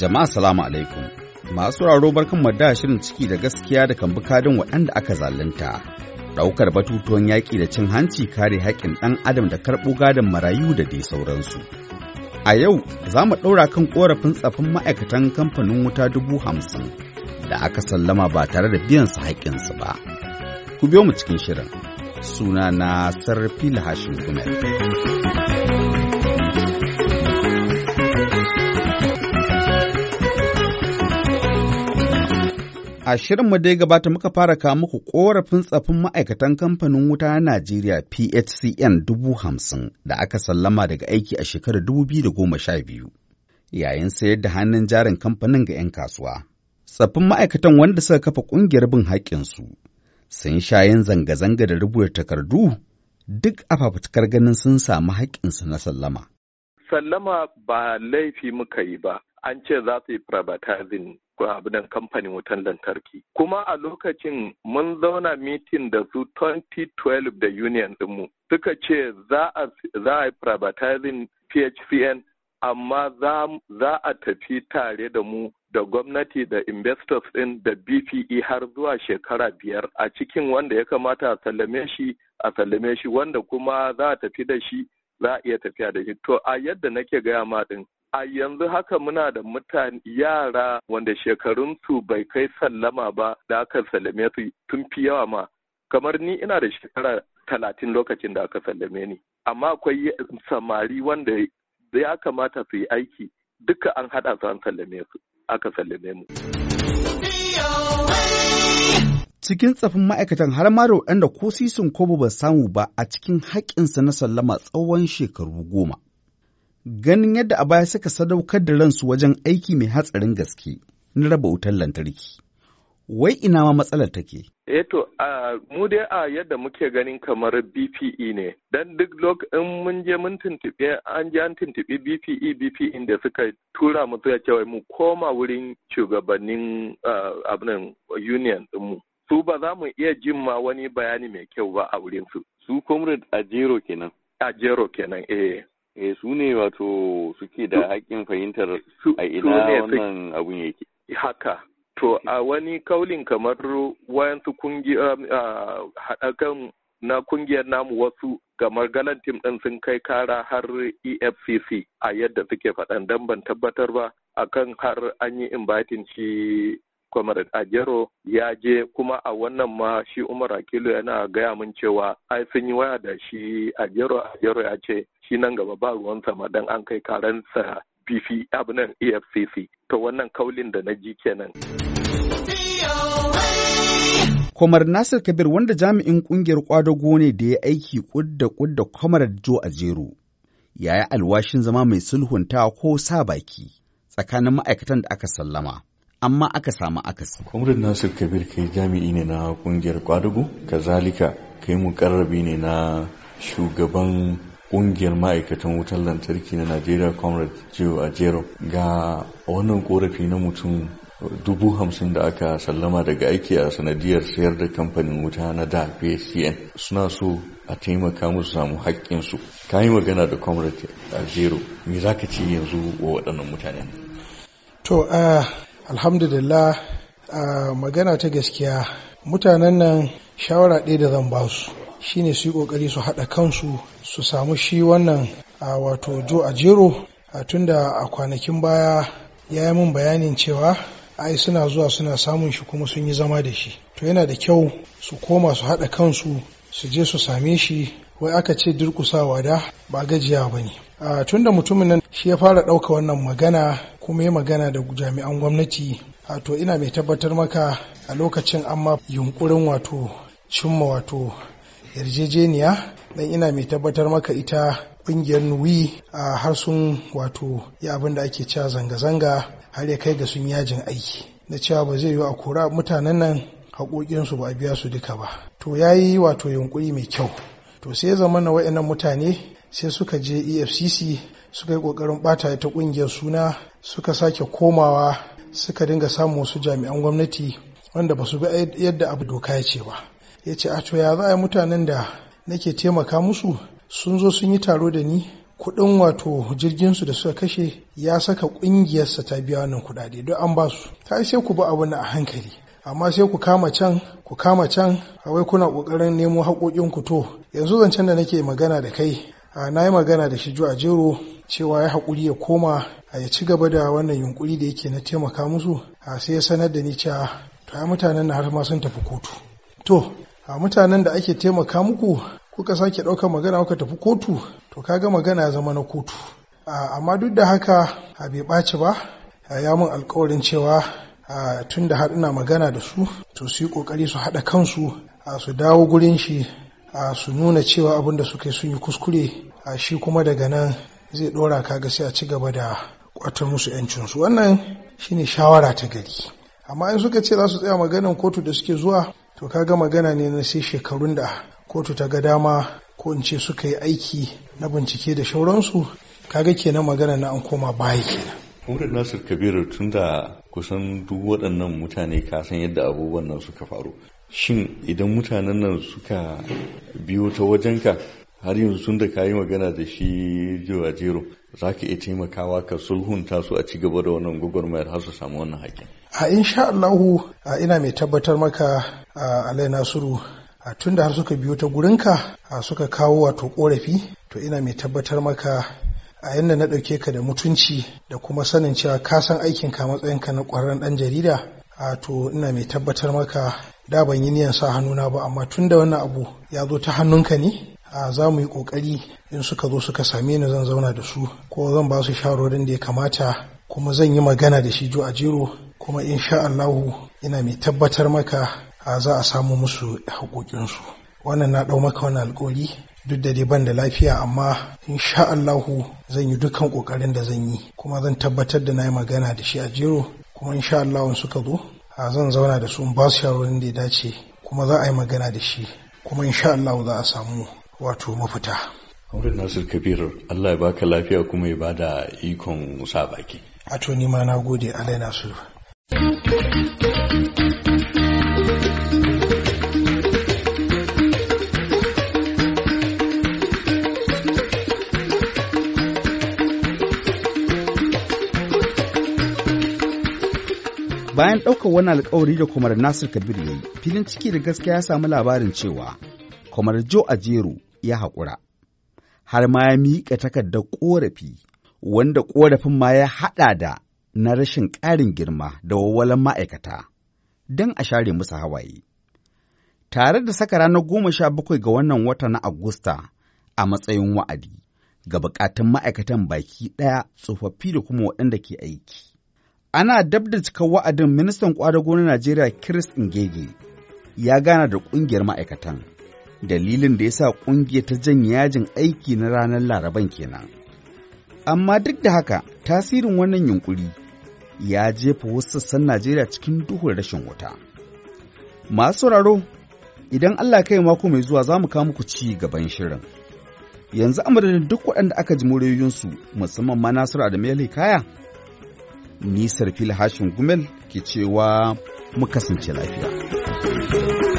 Jama'a salamu alaikum. Masu raro barkan da shirin ciki da gaskiya da kan bukadin waɗanda aka zalunta. Ɗaukar batutuwan yaƙi da cin hanci kare haƙƙin ɗan adam da karɓo gadon marayu da dai sauransu. A yau za mu ɗaura kan ƙorafin tsafin ma'aikatan kamfanin wuta dubu hamsin da aka sallama ba tare da biyan su su ba. Ku biyo mu cikin shirin. Suna na Sarfila Lahashin Gumel. A shirin shirinmu dai gabata muka fara kawo muku korafin tsafin ma'aikatan kamfanin wuta na Najeriya PHCN dubu hamsin da aka sallama daga aiki a shekarar dubu da goma sha biyu. Yayin sayar da hannun jarin kamfanin ga 'yan kasuwa. Tsaffin ma'aikatan wanda suka kafa ƙungiyar bin haƙƙinsu sun sha yin zanga-zanga da rubuta takardu duk a fafutukar ganin sun samu haƙƙinsu na sallama. Sallama ba laifi muka yi ba, an ce za su yi abinan kamfanin wutan lantarki kuma a lokacin mun zauna mitin da su 2012 da union dinmu suka ce za a yi privatizing phcn amma za a tafi tare da mu da gwamnati da investors din da bpe har zuwa shekara biyar a cikin wanda ya kamata a sallame shi a sallame shi wanda kuma za a tafi da shi za a iya tafiya da shi to a yadda nake gaya ma din a yanzu haka muna da mutane yara wanda shekarunsu bai kai sallama ba da aka sallame su tun fi yawa ma kamar ni ina da shekara talatin lokacin da aka sallame ni amma akwai samari wanda ya kamata su yi aiki duka an haɗa su an sallame su aka sallame mu. cikin tsafin ma'aikatan har ma da waɗanda ko sisin kobo ba samu ba a cikin haƙƙinsa na sallama tsawon shekaru goma. ganin yadda a baya suka sadaukar da ransu wajen aiki mai hatsarin gaske na raba wutar lantarki. Wai ina ma matsalar take? Eto, eh mu dai a yadda muke ganin kamar BPE ne, don duk lokacin mun je mun tuntuɓe an je an tuntuɓi BPE BPE da suka tura mu suka cewa mu koma wurin shugabannin uh, abinan union mu. Su ba za mu iya jin ma wani bayani mai kyau ba a wurin su. Su comrade a jero kenan. A jero kenan, eh. eh su ne wato suke da haƙƙin fahimtar a ina wannan abun yake haka to a wani kaulin kamar wayansu um, uh, haɗakan na kungiyar namu wasu kamar galan tim ɗin sun kai kara har efcc a yadda suke faɗan don ban tabbatar ba akan har an yi inviting shi comrade Ajero ya je kuma a wannan ma shi Umar Akilu yana gaya min cewa ai sun yi waya da shi Ajero. Ajero ya ce shi nan gaba ba ruwan sama dan an kai karansa fifi abinan EFCC to wannan kaulin da na ji kenan. Komar Nasir Kabir wanda jami'in kungiyar kwadago ne da ya aiki kudda kudda Comrade Joe Ajero ya yi alwashin zama mai sulhunta ko sa baki tsakanin ma'aikatan da aka sallama. amma aka samu akasi. Kwamrin Nasir Kabir kai jami'i ne na kungiyar kwadugu, kazalika kai mukarrabi ne na shugaban kungiyar ma'aikatan wutar lantarki na Najeriya Comrade Joe Ajero ga wannan korafi na mutum dubu hamsin da aka sallama daga aiki a sanadiyar sayar da kamfanin wuta na da PSCN e suna so a taimaka musu samu haƙƙinsu ka yi magana da comrade Ajero me za ka ce yanzu wa waɗannan mutane to ah, alhamdulillah a magana ta gaskiya mutanen nan shawara ɗaya da zan ba su shine su yi ƙoƙari su haɗa kansu su samu shi wannan a wato jo a jero a tunda a kwanakin baya ya yi min bayanin cewa ai suna zuwa suna samun shi kuma sun yi zama da shi to yana da kyau su koma su haɗa kansu su je su same shi wai aka ce durkusawa da ba gajiya ba ne a tun da mutumin nan shi ya fara ɗauka wannan magana kuma ya magana da jami'an gwamnati a to ina mai tabbatar maka a lokacin amma yunƙurin yunkurin wato cimma wato yarjejeniya dan ina mai tabbatar maka ita kungiyar nuwi a harsun wato ya abin da ake cewa zanga-zanga har ya kai ga sun yajin aiki na cewa ba zai yiwu a kora mutanen nan haƙoƙinsu ba a biya su duka ba to ya yi wato yunƙuri mai kyau to sai zama na wa'annan mutane sai suka je efcc suka yi ƙoƙarin ɓata ta ƙungiyar suna suka sake komawa suka dinga samun wasu jami'an gwamnati wanda ba su bi yadda abu doka ya ce ba ya ce a to ya za a yi mutanen da nake taimaka musu sun zo sun yi taro da ni kuɗin wato jirginsu da suka kashe ya saka ƙungiyarsa ta biya wannan kuɗaɗe don an ba su ta sai ku bi abin a hankali amma sai ku kama can ku kama can a wai kuna ƙoƙarin nemo haƙoƙin ku to yanzu zancen da nake magana da kai na yi magana da shi a jero cewa ya haƙuri ya koma a ya ci gaba da wannan yunƙuri da yake na taimaka musu a sai ya sanar da ni cewa to ai mutanen na har ma sun tafi kotu to a mutanen da ake taimaka muku kuka sake ɗaukar magana kuka tafi kotu to kaga magana ya zama na kotu amma duk da haka a bai ɓaci ba ya mun alkawarin cewa tun da magana da su to su yi kokari su haɗa kansu a su dawo gurin shi a su nuna cewa abin da suka yi sun yi kuskure shi kuma daga nan zai ɗora kaga sai a ci gaba da kwatar musu 'yancinsu wannan shine shawara ta gari amma in suka ce za su tsaya maganan kotu da suke zuwa to kaga magana ne na sai shekarun da kotu ta ga dama ko in ce suka yi aiki na bincike da shauransu kaga kenan magana na an koma baya kenan Umar Nasir Kabiru tun da kusan duk waɗannan mutane ka san yadda abubuwan nan suka faru shin idan mutanen nan suka biyo ta wajenka har yanzu tun da ka yi magana da shi jero za ka iya taimakawa ka sulhunta su a ci gaba da wannan gwagwarmayar har su samu wannan haƙƙin. a insha Allahu a ina mai tabbatar maka a alai nasiru a tun har suka biyo ta gurinka a suka kawo wato korafi to ina mai tabbatar maka a yadda na ɗauke ka da mutunci da kuma sanin cewa ka san aikin ka matsayinka na ƙwararren ɗan jarida a to ina mai tabbatar maka da ban yi niyan sa hannuna ba amma tun da wannan abu ya zo ta hannunka ne a za mu yi ƙoƙari in suka zo suka same ni zan zauna da su ko zan ba su shawarorin da ya kamata kuma zan yi magana da shi jo a jero kuma insha Allahu ina mai tabbatar maka a za a samu musu haƙoƙinsu wannan na ɗau maka wani alƙawari duk da dai ban da lafiya amma insha Allahu zan yi dukkan kokarin da zan yi kuma zan tabbatar da na yi magana da shi a jero kuma insha Allahu suka zo a zan zauna da su in ba su shawarwarin da ya dace kuma za a yi magana da shi kuma insha Allahu za a samu wato mafita Auren Nasir Kabir Allah ya baka lafiya kuma ya bada ikon sa baki. A to ni ma na gode Alai nasu bayan ɗaukar wani alkawari da kwamar nasir kabir ya yi filin ciki da gaskiya ya samu labarin cewa kwamar jo ajeru ya haƙura har ma ya miƙa takardar ƙorafi wanda ƙorafin ma ya haɗa da na rashin ƙarin girma da wawalan ma'aikata don a share musu hawaye tare da saka ranar goma sha bakwai ga wannan wata na agusta a matsayin wa'adi ga buƙatun ma'aikatan baki ɗaya tsofaffi da kuma waɗanda ke aiki ana dab da cikar wa'adin ministan kwadago na najeriya chris ngege ya gana da kungiyar ma'aikatan dalilin da ya sa kungiyar ta janye yajin aiki na ranar laraban kenan amma duk da haka tasirin wannan yunkuri ya jefa wasu sassan najeriya cikin duhun rashin wuta masu sauraro idan allah kai mako mai zuwa za mu kawo muku ci gaban shirin yanzu amadadin duk waɗanda aka ji murayoyinsu musamman ma nasiru da mele kaya Ni fil hashin gumel ke cewa muka kasance lafiya.